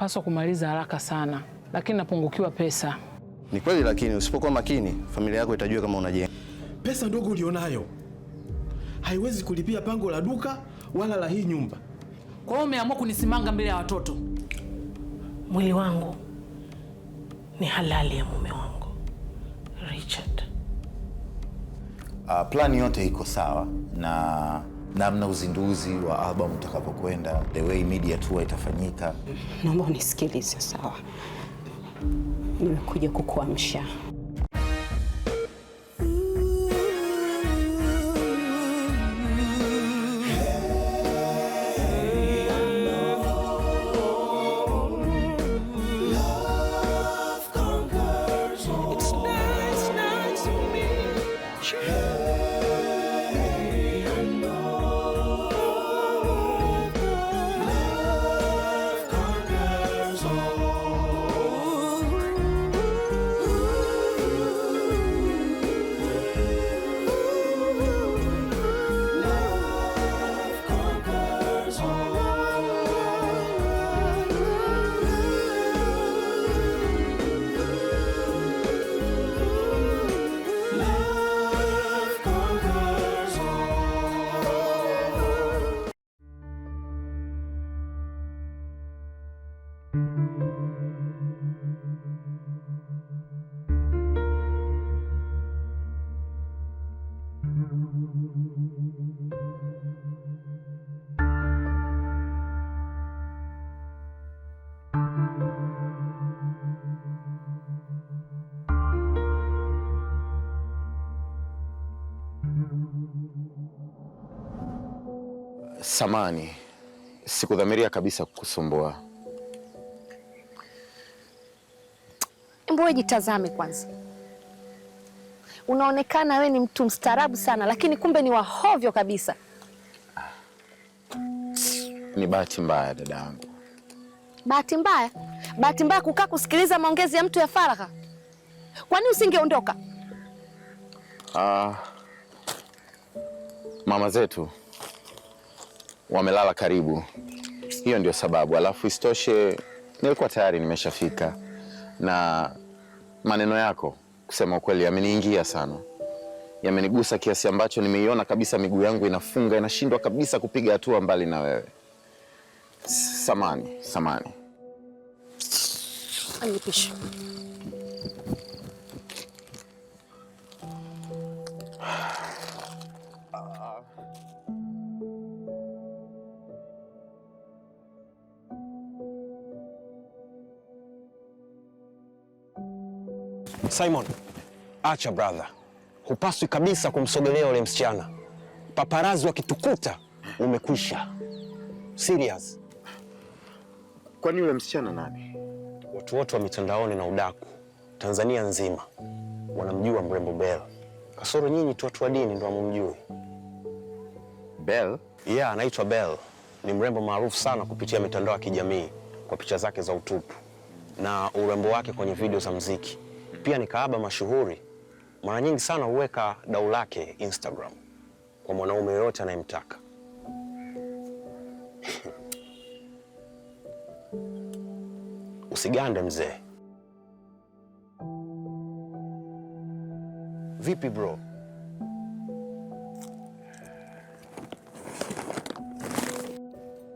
napaswa kumaliza haraka sana, lakini napungukiwa pesa. Ni kweli, lakini usipokuwa makini, familia yako itajua kama unajenga. Pesa ndogo ulionayo haiwezi kulipia pango la duka wala la hii nyumba. Kwa hiyo umeamua kunisimanga mbele ya watoto. Mwili wangu ni halali ya mume wangu Richard. Uh, plani yote iko sawa na namna uzinduzi wa albamu utakapokwenda the way media tour itafanyika. Naomba unisikilize sawa, nimekuja kukuamsha Samani, sikudhamiria kabisa kukusumbua. Mbona jitazame kwanza. Unaonekana we ni mtu mstaarabu sana, lakini kumbe ni wahovyo kabisa. Ni bahati mbaya dada yangu. Bahati mbaya? Bahati mbaya kukaa kusikiliza maongezi ya mtu ya faragha? Kwani usingeondoka? Ah, mama zetu wamelala karibu, hiyo ndio sababu. Alafu isitoshe nilikuwa tayari nimeshafika, na maneno yako kusema ukweli yameniingia sana, yamenigusa kiasi ambacho nimeiona kabisa miguu yangu inafunga, inashindwa kabisa kupiga hatua mbali na wewe. Samani, samani. Anipisha. Simon, acha brother, hupaswi kabisa kumsogelea yule msichana. Paparazi wakitukuta umekwisha. Serious. Kwani yule msichana nani? Watu wote wa mitandaoni na udaku Tanzania nzima wanamjua mrembo Bell, kasoro nyinyi tu watu wa dini ndio hamumjui. Bell? Yeah, anaitwa Bell. Ni mrembo maarufu sana kupitia mitandao ya kijamii kwa picha zake za utupu na urembo wake kwenye video za mziki pia ni kahaba mashuhuri, mara nyingi sana huweka dau lake Instagram kwa mwanaume yoyote anayemtaka. Usigande mzee. Vipi bro?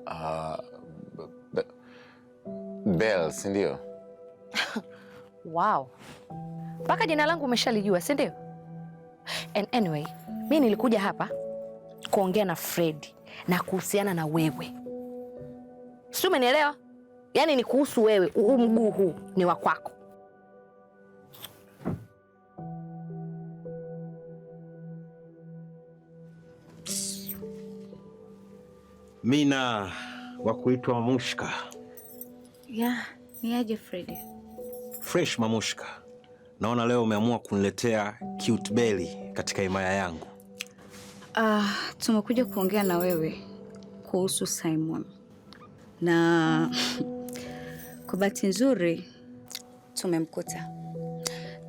Uh, Bell, si Wow mpaka jina langu umeshalijua, si ndio? And anyway, mi nilikuja hapa kuongea na Fredi na kuhusiana na wewe, si umenielewa? Yaani ni kuhusu wewe, huu mguu huu ni wa kwako. Mina wa kuitwa Mamushka. Yeah, ni aje Fresh Mamushka. Naona leo umeamua kuniletea cute belly katika himaya yangu. Uh, tumekuja kuongea na wewe kuhusu Simon na kwa bahati nzuri tumemkuta.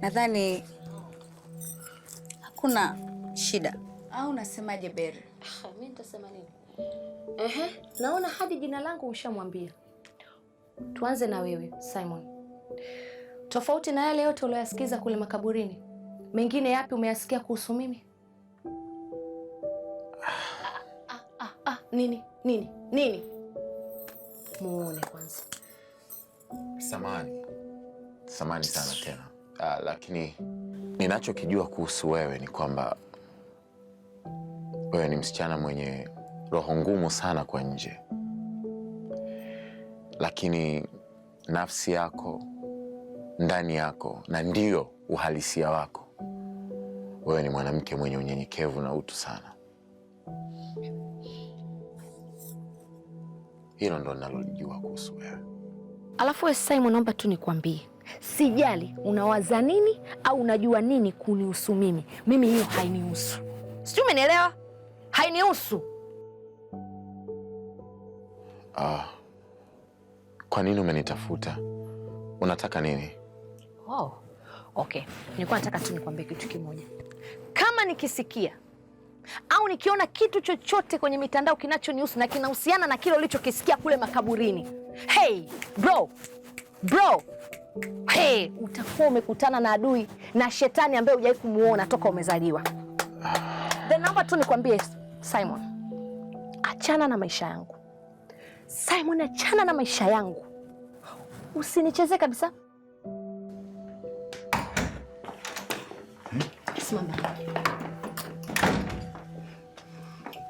Nadhani hakuna shida, au unasemaje Beri? Ah, mimi nitasema nini? Ehe, naona hadi jina langu ushamwambia. Tuanze na wewe Simon tofauti na yale yote uliyoyasikiza kule makaburini, mengine yapi umeyasikia kuhusu mimi? Ah, ah, ah, nini nini nini? Muone kwanza. Samani, samani sana tena. Ah, lakini ninachokijua kuhusu wewe ni kwamba wewe ni msichana mwenye roho ngumu sana kwa nje, lakini nafsi yako ndani yako na ndiyo uhalisia wako. Wewe ni mwanamke mwenye unyenyekevu na utu sana. Hilo ndo nalolijua kuhusu wewe. Alafu we Simon, naomba tu nikwambie, sijali unawaza nini au unajua nini kunihusu mimi. Mimi hiyo hainihusu, sijui umenielewa? Hainihusu. Uh, kwa nini umenitafuta? Unataka nini? Oh, Okay. Nilikuwa nataka tu nikwambie kitu kimoja. Kama nikisikia au nikiona kitu chochote kwenye mitandao kinachonihusu na kinahusiana na kile ulichokisikia kule makaburini, hey bro, bro, hey, utakuwa umekutana na adui na shetani ambaye hujawahi kumuona toka umezaliwa. Then naomba tu nikwambie Simon, achana na maisha yangu Simon, achana na maisha yangu, Usinicheze kabisa. Simama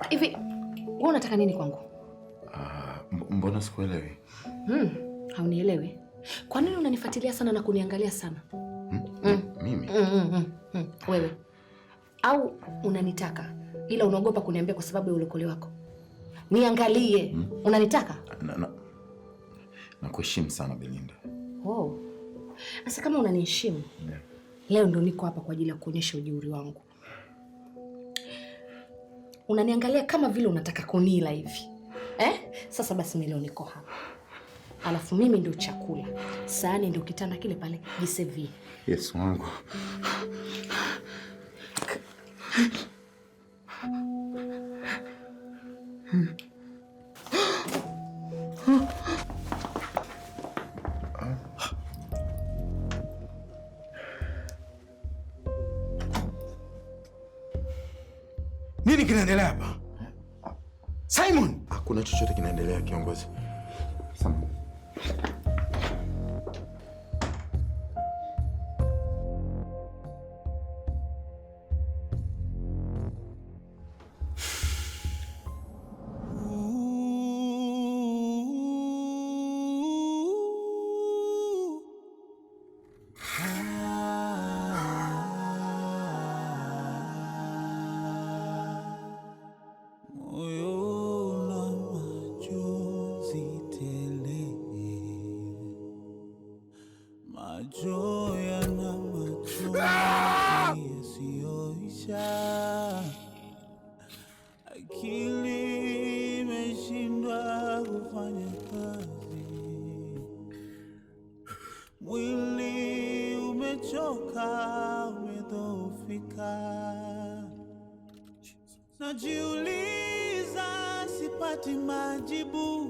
hivi, wewe unataka nini kwangu? Uh, mbona sikuelewi? Mm, haunielewi? Kwa nini unanifuatilia sana na kuniangalia sana? Mm, mm. Mimi? Mm, mm, mm, mm. Wewe au unanitaka ila unaogopa kuniambia kwa sababu ya ulokole wako. Niangalie. Mm. Unanitaka? Na, na, nakuheshimu sana Belinda. Oh. Sasa kama unaniheshimu, yeah. Leo ndo niko hapa kwa ajili ya kuonyesha ujeuri wangu. Unaniangalia kama vile unataka kunila hivi eh? Sasa basi mimi leo niko hapa, alafu mimi ndio chakula, sahani ndio kitanda kile pale jisevi. Yesu wangu Nini kinaendelea hapa? Simon, hakuna chochote kinaendelea kiongozi. kufanya kazi, mwili umechoka, umedhoofika. Najiuliza, sipati majibu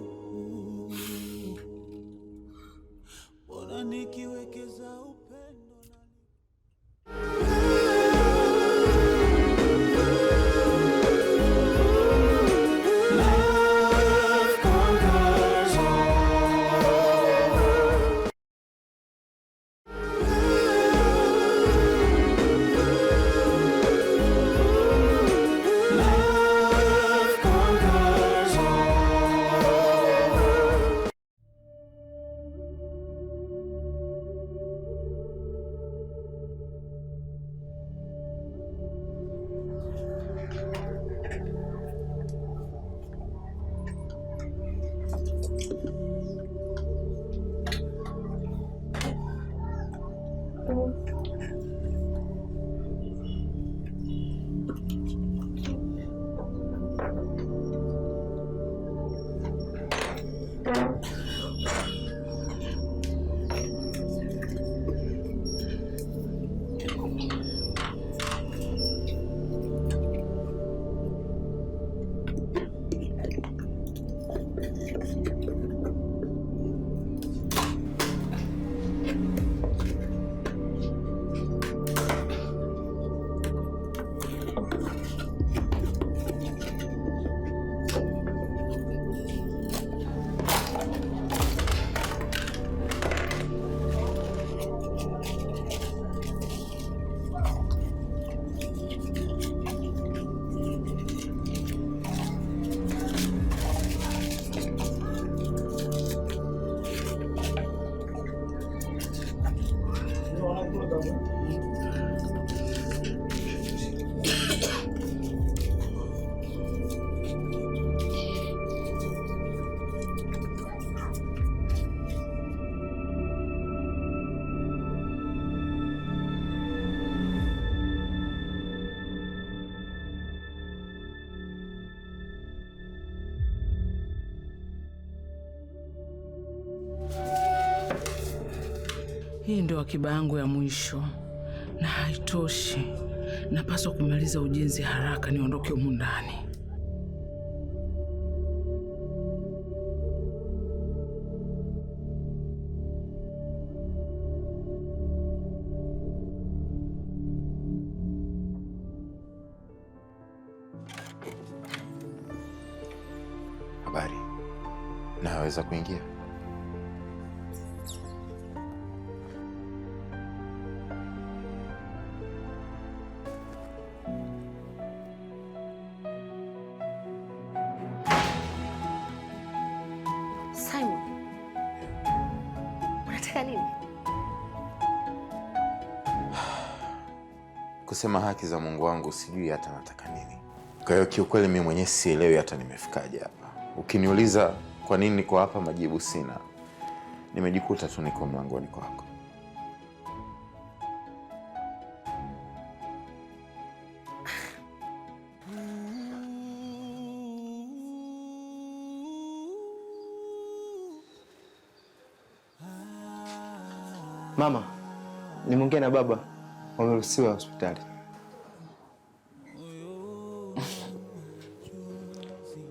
Hii ndio akiba yangu ya mwisho na haitoshi. Napaswa kumaliza ujenzi haraka niondoke humu ndani. Habari, naweza kuingia? kusema haki za Mungu wangu, sijui hata nataka nini. Kwa hiyo kiukweli mimi mwenyewe sielewi hata nimefikaje hapa. Ukiniuliza kwa nini niko hapa, majibu sina. Nimejikuta tu niko mlangoni kwako. Mama, nimeongea na baba wameruhusiwa hospitali.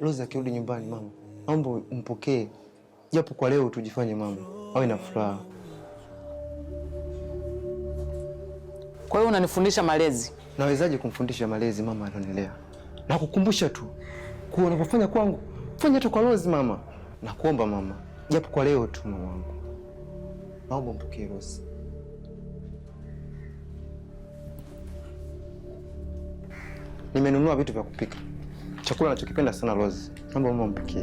Rose akirudi nyumbani, mama, naomba mpokee japo kwa leo, tujifanye mama awe na furaha. Kwa hiyo unanifundisha malezi? Nawezaje kumfundisha malezi mama alionelea? nakukumbusha tu kuwa unavyofanya kwangu, fanya hata kwa Rose mama. Nakuomba mama, japo kwa leo tu mama wangu, naomba Rose. Nimenunua vitu vya kupika, chakula anachokipenda sana Rose. Naomba mama mpikie.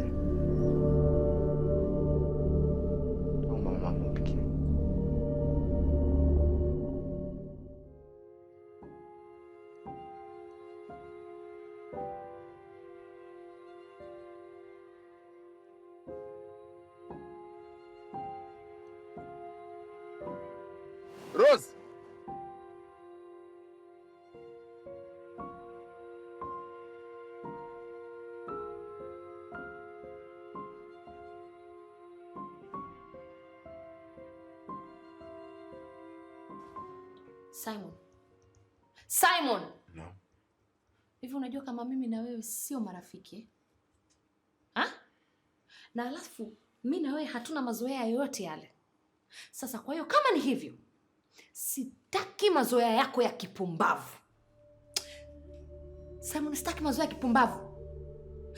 Rose. Simon. Simon. No. Hivi unajua kama mimi na wewe sio marafiki Ha? Na alafu mi na wewe hatuna mazoea yoyote yale. Sasa kwa hiyo kama ni hivyo, sitaki mazoea yako ya kipumbavu. Simon, sitaki mazoea ya kipumbavu.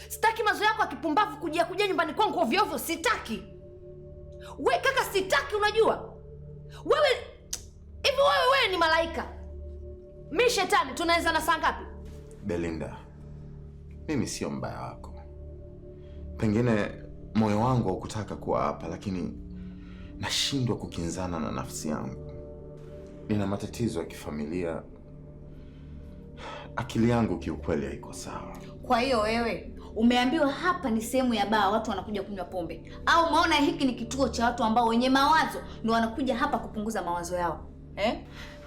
Sitaki mazoea yako ya kipumbavu kujia kujia nyumbani kwangu ovyo ovyo, sitaki. We kaka, sitaki unajua. Wewe Hivi wewe wewe ni malaika, mi shetani, tunaweza na saa ngapi? Belinda, mimi sio mbaya wako, pengine moyo wangu haukutaka kuwa hapa, lakini nashindwa kukinzana na nafsi yangu. Nina matatizo ya kifamilia, akili yangu kiukweli haiko sawa. Kwa hiyo wewe umeambiwa hapa ni sehemu ya baa, watu wanakuja kunywa pombe, au umeona hiki ni kituo cha watu ambao wenye mawazo ndio wanakuja hapa kupunguza mawazo yao? eh?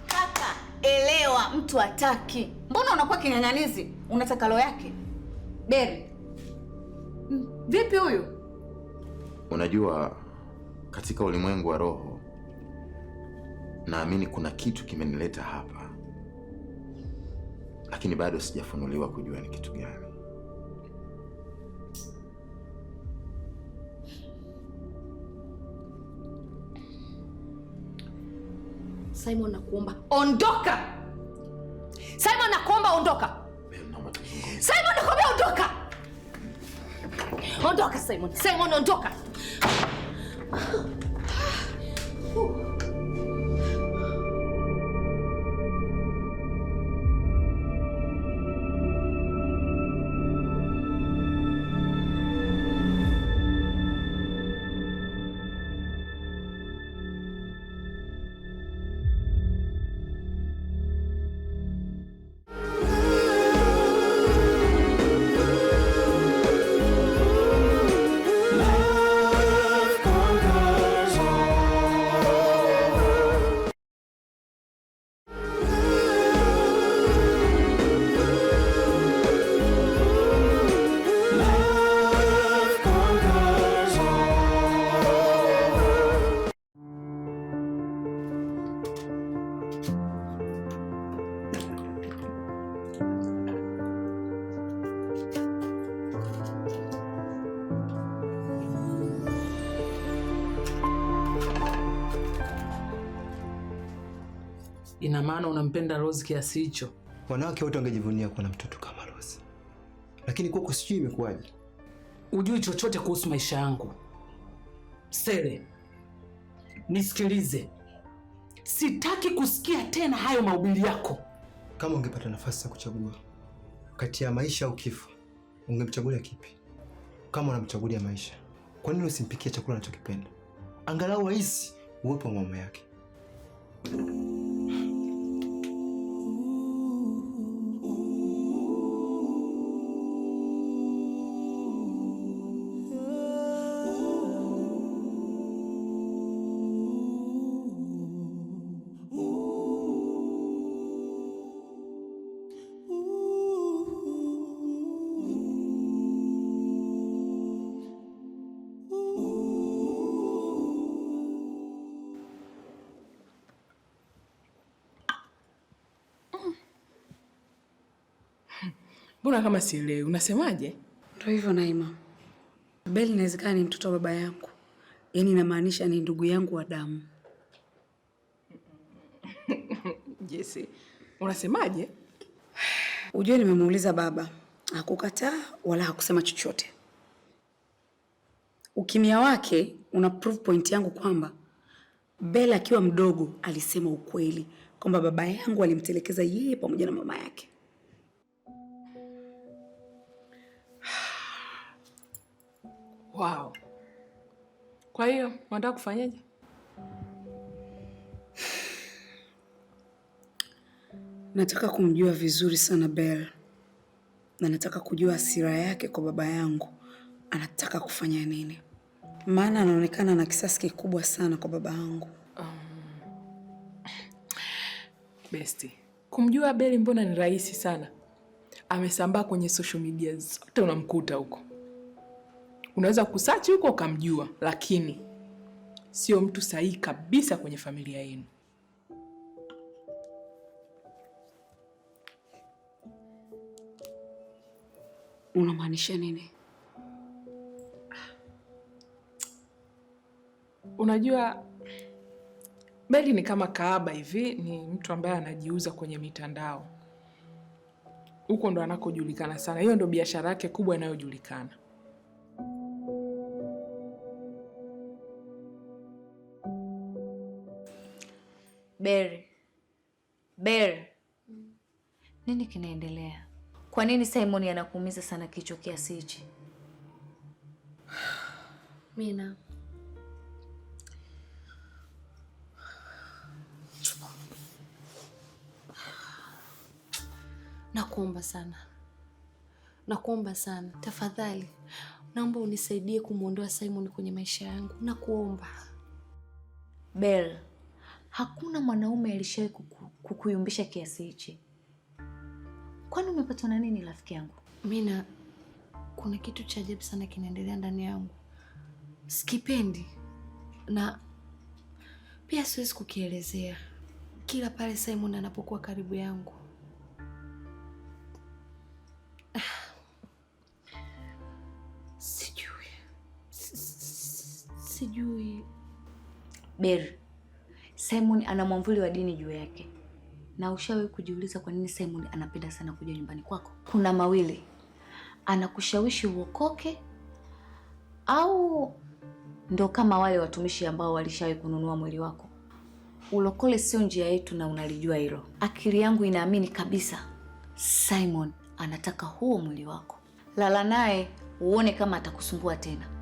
Kaka, elewa, mtu hataki. Mbona unakuwa kinyanyalizi Unataka roho yake Beri? Mm, vipi huyu? Unajua, katika ulimwengu wa roho naamini kuna kitu kimenileta hapa, lakini bado sijafunuliwa kujua ni kitu gani. Simon nakuomba ondoka. Simon nakuomba ondoka. Simon nakuomba ondoka. Ondoka Simon. Simon ondoka. Ina maana unampenda Rose kiasi hicho? Wanawake wote wangejivunia kuwa na mtoto kama Rose, lakini kwako sijui imekuwaje. Ujui chochote kuhusu maisha yangu Sele. Nisikilize, sitaki kusikia tena hayo mahubiri yako. Kama ungepata nafasi ya kuchagua kati ya maisha au kifo, ungemchagulia kipi? Kama unamchagulia maisha, kwa nini usimpikie chakula anachokipenda? Angalau wahisi uwepo wa mama yake. Mbona kama sielewi, unasemaje? Ndio hivyo Naima, Abel inawezekana ni mtoto wa baba yangu, yaani inamaanisha ni ndugu yangu wa damu. Jesse, unasemaje? Ujue nimemuuliza baba, hakukataa wala hakusema chochote. Ukimya wake una proof point yangu kwamba Bella akiwa mdogo alisema ukweli kwamba baba yangu alimtelekeza yeye pamoja na mama yake. Wow. Kwa hiyo unataka kufanyaje? Nataka kumjua vizuri sana bel na nataka kujua hasira yake kwa baba yangu, anataka kufanya nini, maana anaonekana na kisasi kikubwa sana kwa baba yangu. Um, besti, kumjua bel mbona ni rahisi sana, amesambaa kwenye social media zote, unamkuta huko unaweza kusachi huko ukamjua, lakini sio mtu sahihi kabisa kwenye familia yenu. Unamaanisha nini? Unajua, Beli ni kama kaaba hivi, ni mtu ambaye anajiuza kwenye mitandao, huko ndo anakojulikana sana. Hiyo ndo biashara yake kubwa inayojulikana. Beri, Beri, Nini kinaendelea? Kwa nini Simon anakuumiza sana kichwa kiasi hichi? Mina, nakuomba sana, nakuomba sana, tafadhali naomba unisaidie kumwondoa Simon kwenye maisha yangu, nakuomba Bell hakuna mwanaume alishawahi kuku, kukuyumbisha kiasi hichi. Kwani umepatwa na nini rafiki yangu? Mina, kuna kitu cha ajabu sana kinaendelea ndani yangu, sikipendi na pia siwezi kukielezea. Kila pale Simon anapokuwa karibu yangu ah. Sijui, sijui Beri Simon ana mwamvuli wa dini juu yake. Na ushawahi kujiuliza kwa nini Simon anapenda sana kuja nyumbani kwako? Kuna mawili, anakushawishi uokoke au ndo kama wale watumishi ambao walishawahi kununua mwili wako. Ulokole sio njia yetu na unalijua hilo. Akili yangu inaamini kabisa Simon anataka huo mwili wako. Lala naye uone kama atakusumbua tena.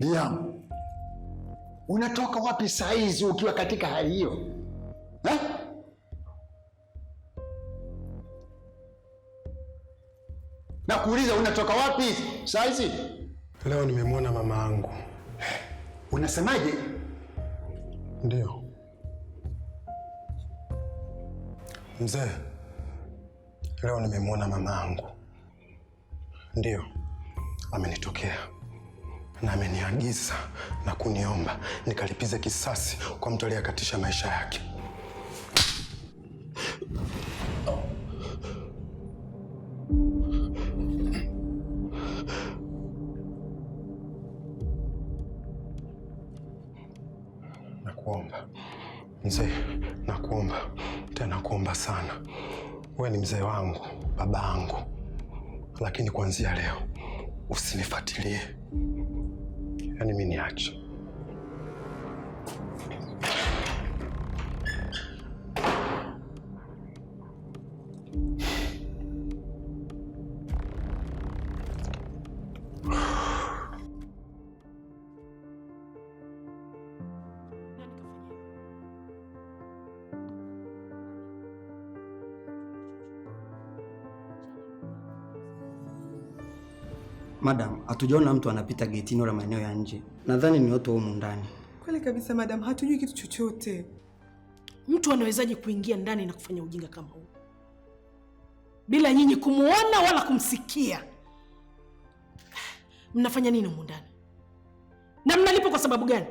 Biamu, unatoka wapi saa hizi ukiwa katika hali hiyo eh? Na kuuliza unatoka wapi saa hizi? Leo nimemwona mama yangu. Unasemaje? Ndio mzee, leo nimemwona mama yangu, ndio amenitokea na ameniagiza na kuniomba nikalipize kisasi kwa mtu aliyekatisha maisha yake. Nakuomba mzee, nakuomba tena, nakuomba sana. Wewe ni mzee wangu, baba yangu, lakini kuanzia leo usinifuatilie. animignaccio. Madam, hatujaona mtu anapita getini wala maeneo ya nje. Nadhani ni watu humu ndani. Kweli kabisa madam, hatujui kitu chochote. Mtu anawezaje kuingia ndani na kufanya ujinga kama huu bila nyinyi kumuona wala kumsikia? Mnafanya nini humu ndani na mnalipo kwa sababu gani?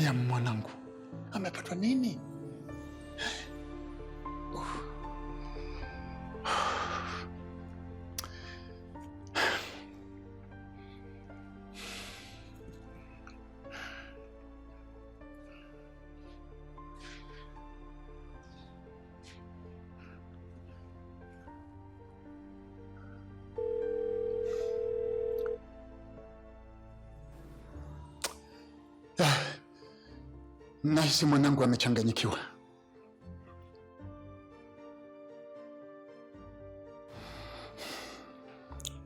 Mariam mwanangu amepatwa nini? Nahisi mwanangu amechanganyikiwa.